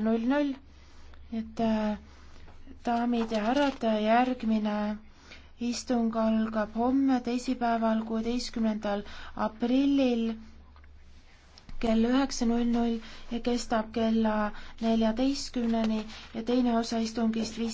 null null, et äh, daamid ja härrad, järgmine istung algab homme, teisipäeval, kuueteistkümnendal aprillil kell üheksa null null ja kestab kella neljateistkümneni ja teine osa istungist viis